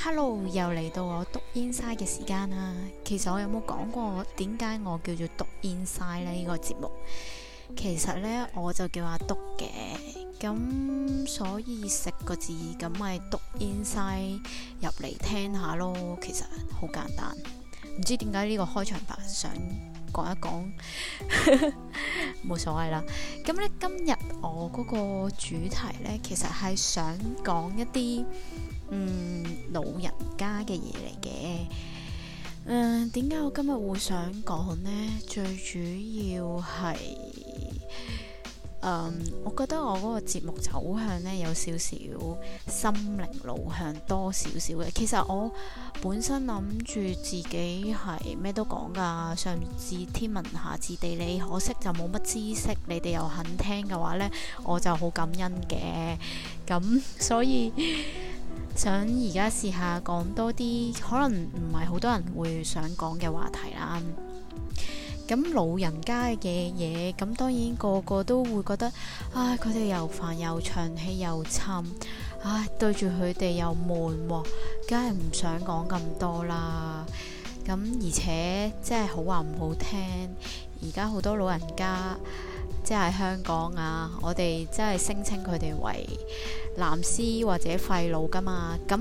Hello，又嚟到我讀 inside 嘅時間啦、啊。其實我有冇講過點解我叫做讀 inside 咧？呢、這個節目其實呢，我就叫阿督嘅，咁所以食個字咁咪讀 inside 入嚟聽，聽下咯。其實好簡單，唔知點解呢個開場白想講一講，冇 所謂啦。咁呢，今日我嗰個主題呢，其實係想講一啲。嗯，老人家嘅嘢嚟嘅。嗯，點解我今日會想講呢？最主要係誒、嗯，我覺得我嗰個節目走向呢，有少少心靈路向，多少少嘅。其實我本身諗住自己係咩都講㗎，上至天文下，下至地理，可惜就冇乜知識。你哋又肯聽嘅話呢，我就好感恩嘅。咁所以。 想而家試下講多啲可能唔係好多人會想講嘅話題啦。咁老人家嘅嘢，咁當然個個都會覺得，唉，佢哋又煩又長氣又沉，唉，對住佢哋又悶啊，梗係唔想講咁多啦。咁而且真係好話唔好聽，而家好多老人家，即係香港啊，我哋真係聲稱佢哋為藍絲或者廢老㗎嘛，咁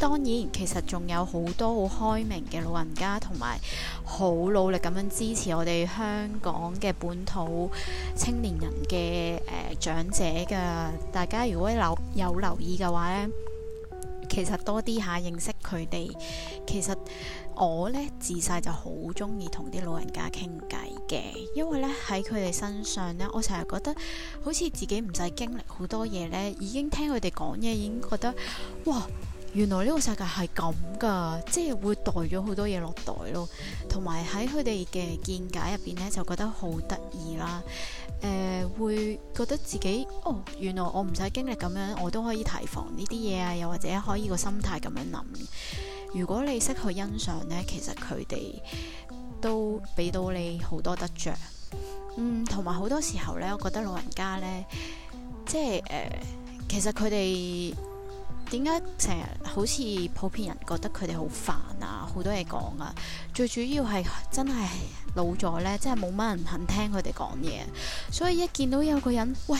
當然其實仲有好多好開明嘅老人家，同埋好努力咁樣支持我哋香港嘅本土青年人嘅誒、呃、長者㗎，大家如果留有留意嘅話呢。其實多啲下認識佢哋。其實我呢，自細就好中意同啲老人家傾偈嘅，因為呢，喺佢哋身上呢，我成日覺得好似自己唔使經歷好多嘢呢，已經聽佢哋講嘢已經覺得哇，原來呢個世界係咁㗎，即係會袋咗好多嘢落袋咯。同埋喺佢哋嘅見解入邊呢，就覺得好得意啦。誒、呃、會覺得自己哦，原來我唔使經歷咁樣，我都可以提防呢啲嘢啊，又或者可以個心態咁樣諗。如果你識去欣賞呢，其實佢哋都俾到你好多得着。嗯，同埋好多時候呢，我覺得老人家呢，即係、呃、其實佢哋。點解成日好似普遍人覺得佢哋好煩啊？好多嘢講啊！最主要係真係老咗呢，真係冇乜人肯聽佢哋講嘢，所以一見到有個人，喂，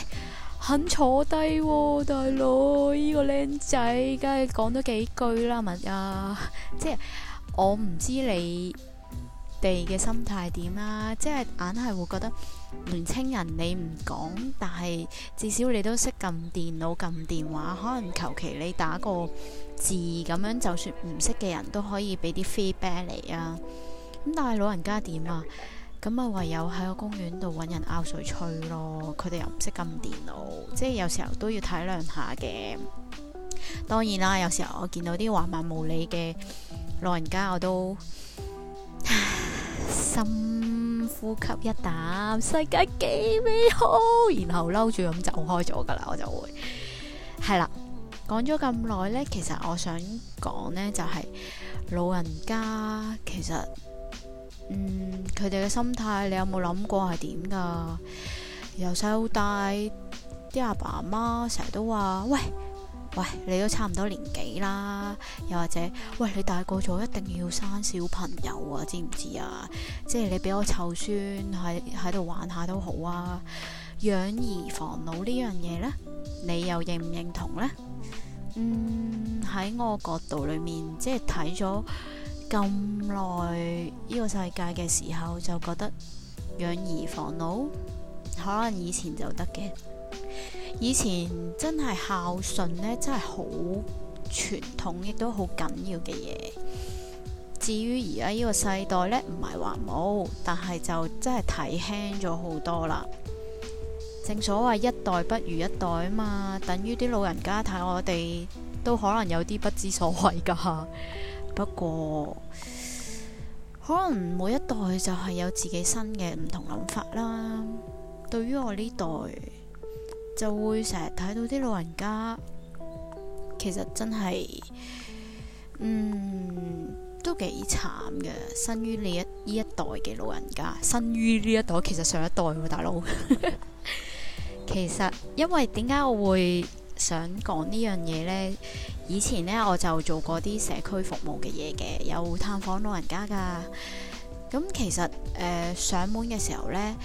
肯坐低、哦、大佬，依個靚仔，梗係講多幾句啦，咪啊，即係我唔知你地嘅心態點啦，即係硬係會覺得年青人你唔講，但係至少你都識撳電腦、撳電話，可能求其你打個字咁樣，就算唔識嘅人都可以俾啲 feedback 嚟啊。咁但係老人家點啊？咁啊唯有喺個公園度揾人拗水吹咯，佢哋又唔識撳電腦，即係有時候都要體諒下嘅。當然啦，有時候我見到啲橫蠻無理嘅老人家，我都～深呼吸一啖，世界幾美好，然後嬲住咁走開咗噶啦。我就會係啦，講咗咁耐呢，其實我想講呢、就是，就係老人家其實嗯，佢哋嘅心態，你有冇諗過係點噶？由細到大啲阿爸阿媽成日都話喂。喂，你都差唔多年紀啦，又或者喂，你大個咗一定要生小朋友啊，知唔知啊？即係你俾我湊孫喺喺度玩下都好啊。養兒防老呢樣嘢，呢你又認唔認同呢？嗯，喺我角度裏面，即係睇咗咁耐呢個世界嘅時候，就覺得養兒防老可能以前就得嘅。以前真係孝順呢，真係好傳統，亦都好緊要嘅嘢。至於而家呢個世代呢，唔係話冇，但係就真係睇輕咗好多啦。正所謂一代不如一代啊嘛，等於啲老人家睇我哋都可能有啲不知所謂噶。 不過可能每一代就係有自己新嘅唔同諗法啦。對於我呢代。就會成日睇到啲老人家，其實真係，嗯，都幾慘嘅。生於呢一呢一代嘅老人家，生於呢一代，其實上一代喎，大佬。 其實因為點解我會想講呢樣嘢呢？以前呢，我就做過啲社區服務嘅嘢嘅，有探訪老人家噶。咁其實誒、呃、上門嘅時候呢。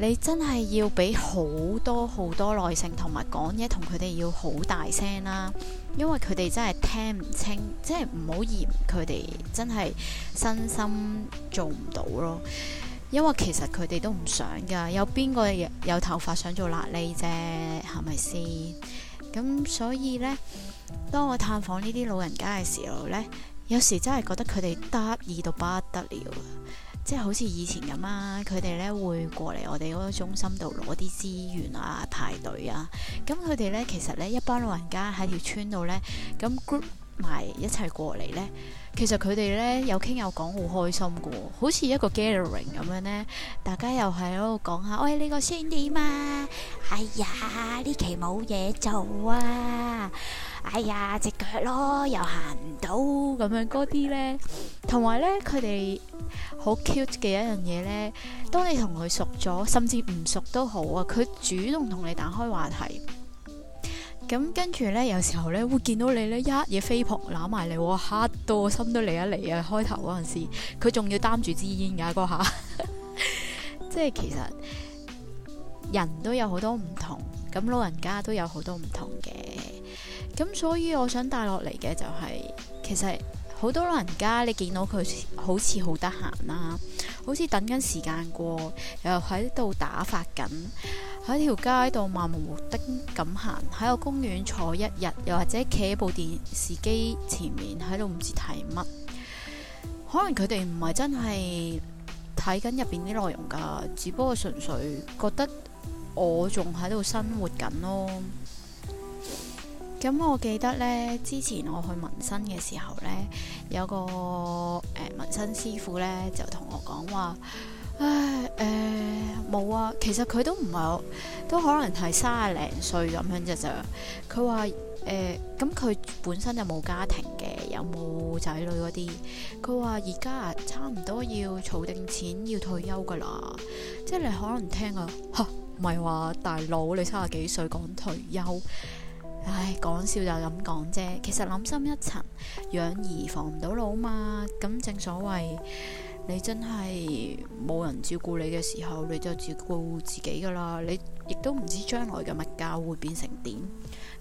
你真係要俾好多好多耐性，同埋講嘢同佢哋要好大聲啦、啊，因為佢哋真係聽唔清，即係唔好嫌佢哋，真係身心做唔到咯。因為其實佢哋都唔想噶，有邊個有頭髮想做辣痢啫，係咪先？咁所以呢，當我探訪呢啲老人家嘅時候呢，有時真係覺得佢哋得意到不得了。即係好似以前咁啊，佢哋咧會過嚟我哋嗰個中心度攞啲資源啊，排隊啊。咁佢哋咧其實咧一班老人家喺條村度咧，咁 group 埋一齊過嚟咧，其實佢哋咧有傾有講，好開心㗎喎，好似一個 gathering 咁樣咧，大家又喺度講下， 喂呢個先點啊？哎呀，呢期冇嘢做啊！哎呀，隻腳咯，又行唔到咁樣嗰啲呢？同埋呢，佢哋好 cute 嘅一樣嘢呢。當你同佢熟咗，甚至唔熟都好啊，佢主動同你打開話題。咁跟住呢，有時候呢，會見到你呢，一夜飛撲攬埋嚟，我嚇到我心都離一離啊！開頭嗰陣時，佢仲要擔住支煙㗎嗰、啊、下 即，即係其實人都有好多唔同，咁老人家都有好多唔同嘅。咁、嗯、所以我想帶落嚟嘅就係、是，其實好多老人家你見到佢好似好得閒啦，好似等緊時間過，又喺度打發緊，喺條街度漫無目的咁行，喺個公園坐一日，又或者企喺部電視機前面，喺度唔知睇乜，可能佢哋唔係真係睇緊入邊啲內容㗎，只不過純粹覺得我仲喺度生活緊咯。咁、嗯、我記得咧，之前我去紋身嘅時候咧，有個誒紋身師傅咧，就同我講話，唉誒冇、呃、啊，其實佢都唔係，都可能係三廿零歲咁樣啫。咋。呃、佢話誒，咁佢本身就冇家庭嘅，有冇仔女嗰啲，佢話而家啊差唔多要儲定錢要退休噶啦，即、就、係、是、你可能聽啊嚇，唔係話大佬你三十幾歲講退休。唉，講笑就咁講啫。其實諗深一層，養兒防唔到老嘛。咁正所謂，你真係冇人照顧你嘅時候，你就照顧自己噶啦。你亦都唔知將來嘅物價會變成點。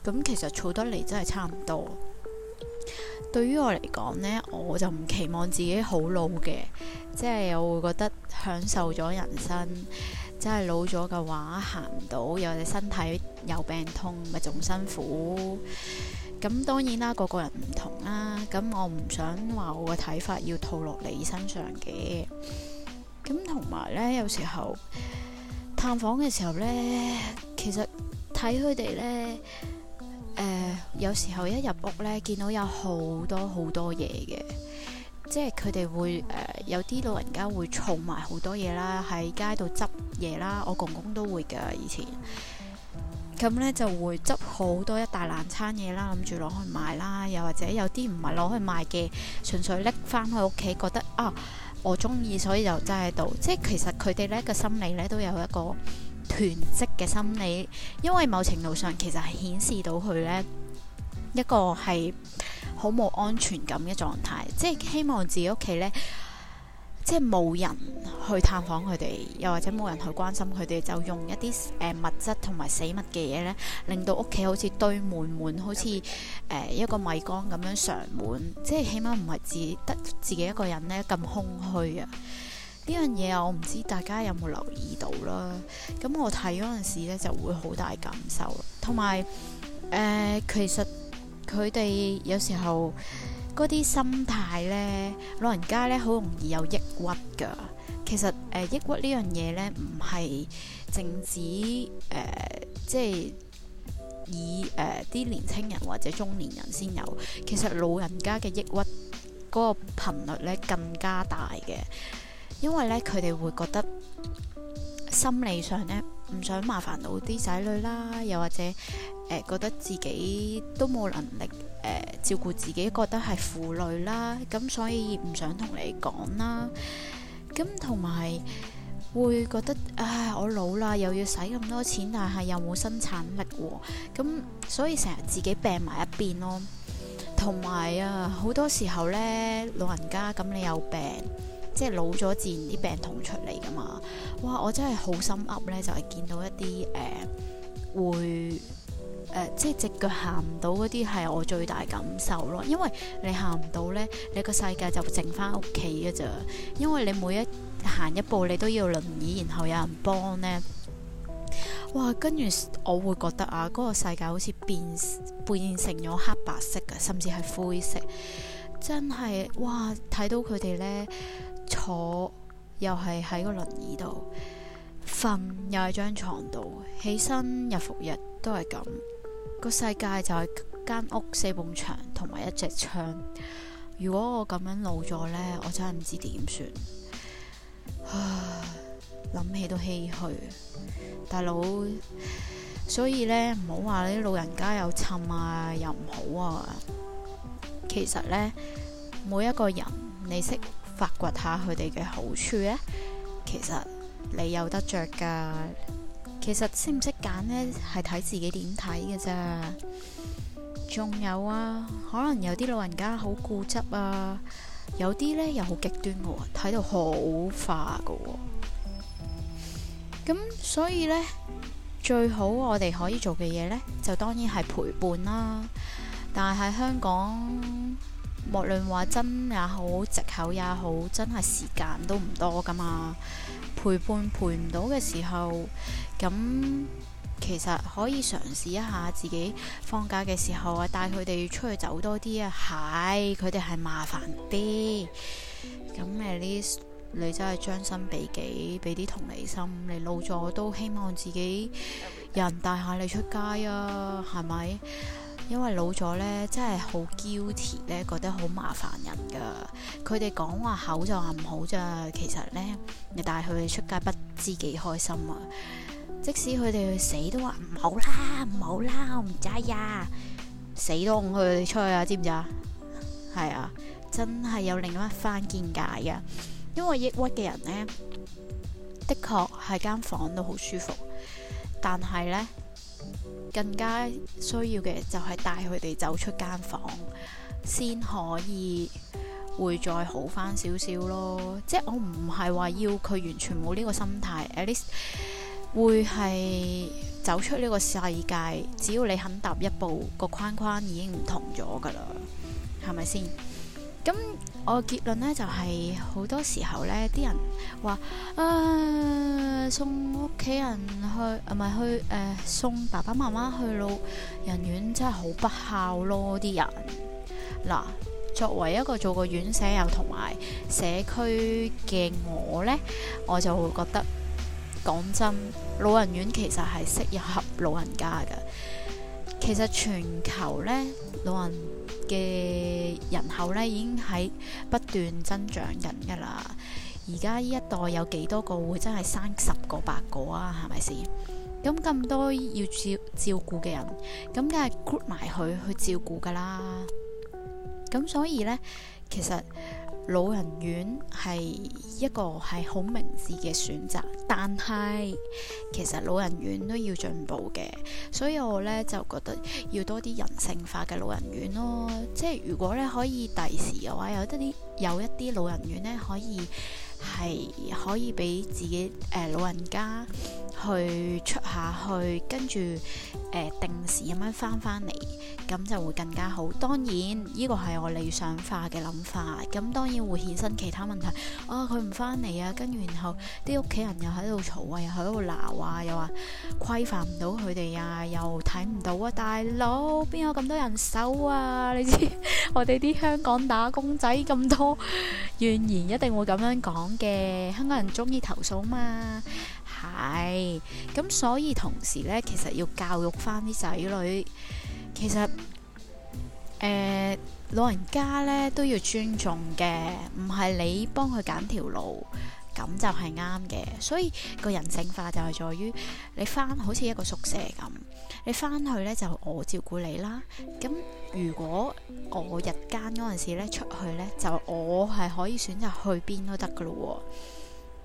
咁其實儲得嚟真係差唔多。對於我嚟講呢，我就唔期望自己好老嘅，即係我會覺得享受咗人生，真係老咗嘅話行唔到，又或者身體有病痛，咪仲辛苦。咁當然啦、啊，個個人唔同啦、啊。咁我唔想話我嘅睇法，要套落你身上嘅。咁同埋呢，有時候探訪嘅時候呢，其實睇佢哋呢。誒、呃、有時候一入屋咧，見到有好多好多嘢嘅，即係佢哋會誒、呃、有啲老人家會儲埋好多嘢啦，喺街度執嘢啦，我公公都會㗎以前。咁咧就會執好多一大爛餐嘢啦，諗住攞去賣啦，又或者有啲唔係攞去賣嘅，純粹拎翻去屋企，覺得啊我中意，所以就揸喺度。即係其實佢哋咧嘅心理咧，都有一個囤積嘅心理，因為某程度上其實係顯示到佢呢一個係好冇安全感嘅狀態，即係希望自己屋企呢，即係冇人去探訪佢哋，又或者冇人去關心佢哋，就用一啲誒、呃、物質同埋死物嘅嘢呢，令到屋企好似堆滿滿，好似誒一個米缸咁樣常滿，即係起碼唔係自得自己一個人呢咁空虛啊。呢樣嘢我唔知大家有冇留意到啦。咁我睇嗰陣時咧，就會好大感受。同埋誒，其實佢哋有時候嗰啲心態咧，老人家咧好容易有抑鬱㗎。其實誒、呃，抑鬱呢樣嘢咧，唔係淨止誒、呃，即係以誒啲、呃、年輕人或者中年人先有。其實老人家嘅抑鬱嗰個頻率咧更加大嘅。因為咧，佢哋會覺得心理上咧唔想麻煩到啲仔女啦，又或者誒、呃、覺得自己都冇能力誒、呃、照顧自己，覺得係負累啦，咁所以唔想同你講啦。咁同埋會覺得唉，我老啦，又要使咁多錢，但係又冇生產力喎、哦，咁所以成日自己病埋一邊咯。同埋啊，好多時候咧，老人家咁你有病。即係老咗，自然啲病痛出嚟噶嘛。哇！我真係好心噏咧，就係、是、見到一啲誒、呃、會、呃、即係隻腳行唔到嗰啲，係我最大感受咯。因為你行唔到呢，你個世界就剩翻屋企噶咋。因為你每一行一步，你都要輪椅，然後有人幫呢！哇！跟住我會覺得啊，嗰、那個世界好似變變成咗黑白色嘅，甚至係灰色。真係哇！睇到佢哋呢。坐又係喺個輪椅度，瞓又喺張床度，起身日復日都係咁。個世界就係間屋四埲牆同埋一隻窗。如果我咁樣老咗呢，我真係唔知點算啊！諗起都唏噓，大佬，所以呢，唔好話你啲老人家又沉啊，又唔好啊。其實呢，每一個人你識。發掘下佢哋嘅好處呢，其實你有得着㗎。其實識唔識揀呢？係睇自己點睇嘅咋。仲有啊，可能有啲老人家好固執啊，有啲呢又好極端嘅喎，睇到好化㗎。咁所以呢，最好我哋可以做嘅嘢呢，就當然係陪伴啦。但係香港。無論話真也好，借口也好，真係時間都唔多噶嘛。陪伴陪唔到嘅時候，咁其實可以嘗試一下自己放假嘅時候啊，帶佢哋出去走多啲啊。係、哎，佢哋係麻煩啲。咁 a 呢，你真係將心比己，俾啲同理心。你老咗都希望自己有人帶下你出街啊，係咪？因為老咗呢，真係好嬌氣呢，覺得好麻煩人噶。佢哋講話口就話唔好咋，其實呢，帶佢哋出街不知幾開心啊！即使佢哋去死都話唔好啦，唔好啦，我唔制呀，死都唔去出去啊！知唔知啊？係啊，真係有另一番見解噶。因為抑鬱嘅人呢，的確喺間房都好舒服，但係呢。更加需要嘅就係帶佢哋走出間房，先可以會再好翻少少咯。即係我唔係話要佢完全冇呢個心態 ，at least 會係走出呢個世界。只要你肯踏一步，個框框已經唔同咗噶啦，係咪先？ 咁、嗯、我結論咧就係、是、好多時候咧啲人話啊、呃、送屋企人去係咪、呃、去誒、呃、送爸爸媽媽去老人院人真係好不孝咯，啲人嗱，作為一個做過院舍又同埋社區嘅我咧，我就會覺得講真，老人院其實係適合老人家嘅。其實全球咧老人嘅人口咧已經喺不斷增長緊噶啦，而家呢一代有幾多個會真係生十個八個啊？係咪先？咁咁多要照照顧嘅人，咁梗係 group 埋佢去，去照顧噶啦。咁所以咧，其實。老人院係一個係好明智嘅選擇，但係其實老人院都要進步嘅，所以我呢，就覺得要多啲人性化嘅老人院咯。即係如果咧可以第時嘅話，有啲啲有一啲老人院呢，可以。係可以俾自己誒、呃、老人家去出下去，跟住誒、呃、定時咁樣翻翻嚟，咁就會更加好。當然呢、呢個係我理想化嘅諗法，咁當然會衍生其他問題。啊，佢唔翻嚟啊，跟住然後啲屋企人又喺度嘈啊，又喺度鬧啊，又話規範唔到佢哋啊，又睇唔到啊，大佬邊有咁多人手啊？你知我哋啲香港打工仔咁多怨言，一定會咁樣講。嘅香港人中意投訴嘛，係，咁所以同時咧，其實要教育翻啲仔女，其實，誒、呃、老人家咧都要尊重嘅，唔係你幫佢揀條路，咁就係啱嘅。所以個人性化就係在於你翻好似一個宿舍咁，你翻去咧，就我照顧你啦，咁。如果我日間嗰陣時咧出去咧，就我係可以選擇去邊都得噶咯。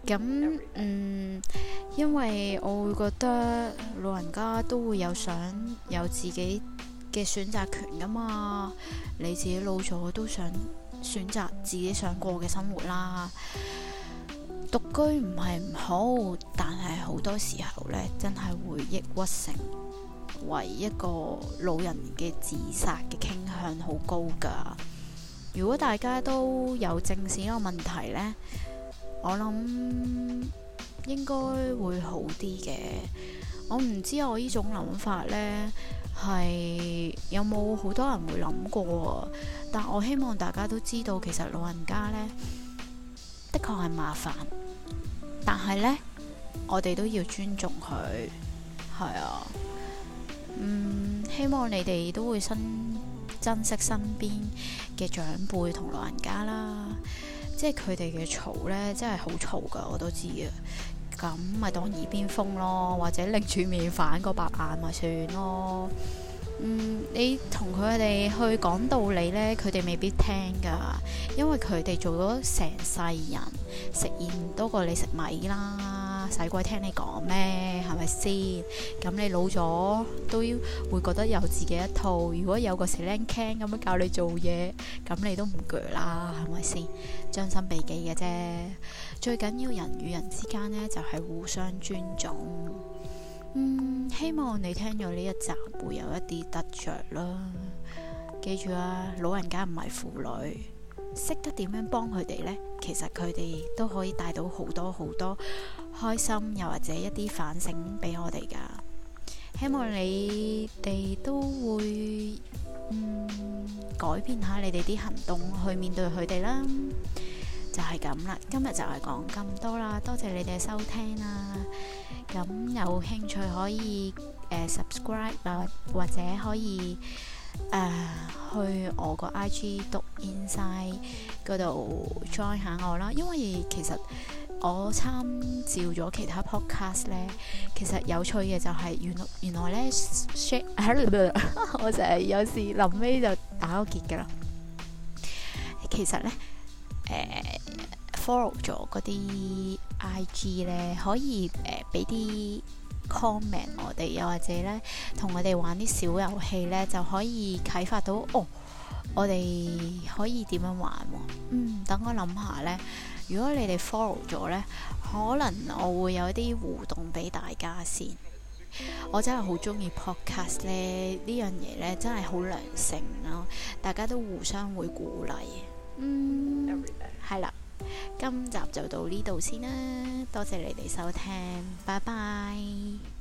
咁嗯，因為我會覺得老人家都會有想有自己嘅選擇權噶嘛。你自己老咗都想選擇自己想過嘅生活啦。獨居唔係唔好，但係好多時候咧真係會抑鬱成。為一個老人嘅自殺嘅傾向好高噶。如果大家都有正視呢個問題呢，我諗應該會好啲嘅。我唔知我呢種諗法呢係有冇好多人會諗過，但我希望大家都知道，其實老人家呢，的確係麻煩，但係呢，我哋都要尊重佢，係啊。嗯，希望你哋都會珍珍惜身邊嘅長輩同老人家啦，即係佢哋嘅嘈咧，真係好嘈噶，我都知啊。咁咪當耳邊風咯，或者擰住面反個白眼咪算咯。嗯，你同佢哋去講道理咧，佢哋未必聽噶，因為佢哋做咗成世人，食鹽多過你食米啦。使鬼聽你講咩？係咪先？咁你老咗都要會覺得有自己一套。如果有個死靚 can 咁樣教你做嘢，咁你都唔攰啦，係咪先？將心比己嘅啫。最緊要人與人之間呢，就係互相尊重。嗯，希望你聽咗呢一集會有一啲得着啦。記住啊，老人家唔係婦女。識得點樣幫佢哋呢，其實佢哋都可以帶到好多好多開心，又或者一啲反省俾我哋噶。希望你哋都會嗯改變下你哋啲行動去面對佢哋啦。就係咁啦，今日就係講咁多啦，多謝你哋嘅收聽啦。咁有興趣可以誒 subscribe，或者可以。誒、uh, 去我個 IG 讀 inside 嗰度 join 下我啦，因為其實我參照咗其他 podcast 咧，其實有趣嘅就係原原來咧，來呢 我就係有時臨尾就打個結嘅咯。其實咧，誒、呃、follow 咗嗰啲 IG 咧，可以誒俾啲。呃 Comment 我哋，又或者咧，同我哋玩啲小遊戲咧，就可以啟發到哦。我哋可以點樣玩喎、哦？嗯，等我諗下咧。如果你哋 follow 咗咧，可能我會有啲互動俾大家先。我真係好中意 podcast 咧，樣呢樣嘢咧真係好良性咯、啊。大家都互相會鼓勵，嗯，係啦 Every day.。今集就到呢度先啦，多謝你哋收聽，拜拜。